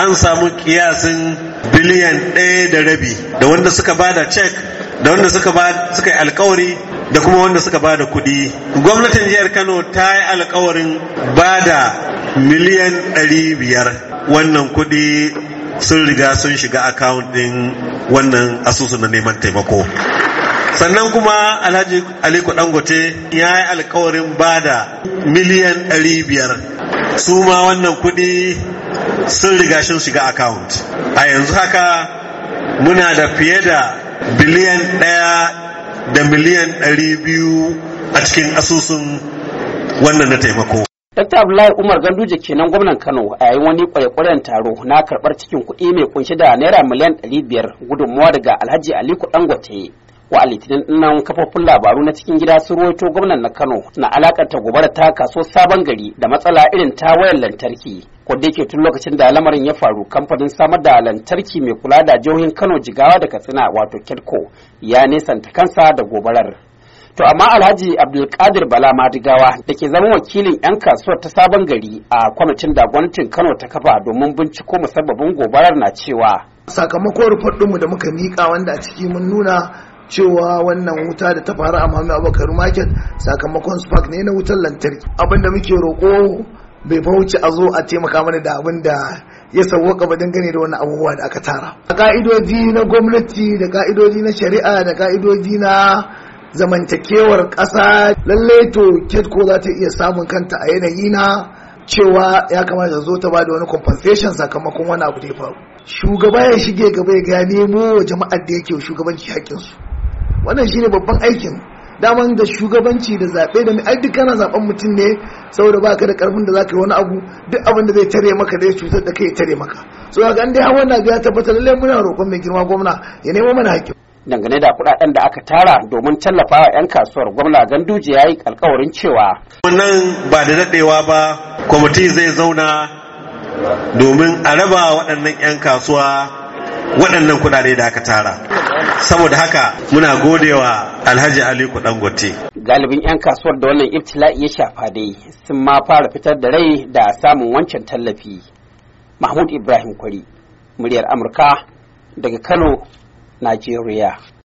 an samu kiyasin biliyan ɗaya da rabi da wanda suka ba da cek da wanda suka yi alkawari da kuma wanda suka ba da kuɗi gwamnatin jihar kano ta yi alkawarin ba da miliyan ɗari biyar wannan kuɗi sun riga sun shiga akawun wannan asusun na neman taimako sannan kuma alhaji aliko dangote ya yi alkawarin ba da miliyan biyar su ma wannan kudi sun riga sun shiga account a yanzu haka muna da fiye da biliyan ɗaya da miliyan ɗari biyu a cikin asusun wannan na taimako Dr. Abdullahi Umar Ganduje kenan gwamnan Kano a yayin wani kwarekwaren taro na karɓar cikin kuɗi mai kunshi da naira miliyan ɗari biyar gudunmawa daga Alhaji Aliko Dangote. Wa litinin dinnan kafofin labaru na cikin gida sun ruwaito gwamnan na Kano na alakanta gobara ta kaso sabon gari da matsala irin ta wayar lantarki ko da yake tun lokacin da lamarin ya faru kamfanin samar da lantarki mai kula da jihohin Kano Jigawa da Katsina wato Kedko ya nesanta kansa da gobarar To amma Alhaji Abdulkadir Bala Madigawa da ke zama wakilin 'yan kasuwar ta sabon gari a kwamitin da gwamnatin Kano ta kafa domin binciko musabbabin gobarar na cewa. Sakamakon rufar ɗinmu da muka miƙa wanda a ciki mun nuna cewa wannan wuta da ta faru a Mami Abubakar Market sakamakon spark ne na wutar lantarki. Abin da muke roƙo bai fahimci a zo a taimaka mana da abin da ya sauwaka ba dangane da wannan abubuwa da aka tara a ka'idoji na gwamnati da ka'idoji na shari'a da ka'idoji na zamantakewar ƙasa lallai to ko za ta iya samun kanta a yanayi na cewa ya kamata ta zo ta ba da wani compensation sakamakon wani abu da ya faru shugaba ya shige gaba ya gane mu wa jama'ar da yake shugabanci haƙƙinsu wannan shine babban aikin daman da shugabanci da zaɓe da ai duk kana zaɓen mutum ne saboda baka da karfin da zaka yi wani abu duk abin da zai tare maka da ya cutar da kai tare maka so ga an dai hawan na ya tabbata lalle muna roƙon mai girma gwamna ya nemo mana hakki dangane da kuɗaɗen da aka tara domin tallafawa 'yan kasuwar gwamna ganduje ya yi alkawarin cewa wannan ba da daɗewa ba kwamiti zai zauna domin a raba waɗannan 'yan kasuwa waɗannan kuɗaɗe da aka tara saboda haka muna godewa alhaji aliku dangote galibin 'yan kasuwar da wannan ibtila'i ya shafa dai sun ma fara fitar da rai da samun wancan tallafi mahmud ibrahim kwari muryar amurka daga kano najeriya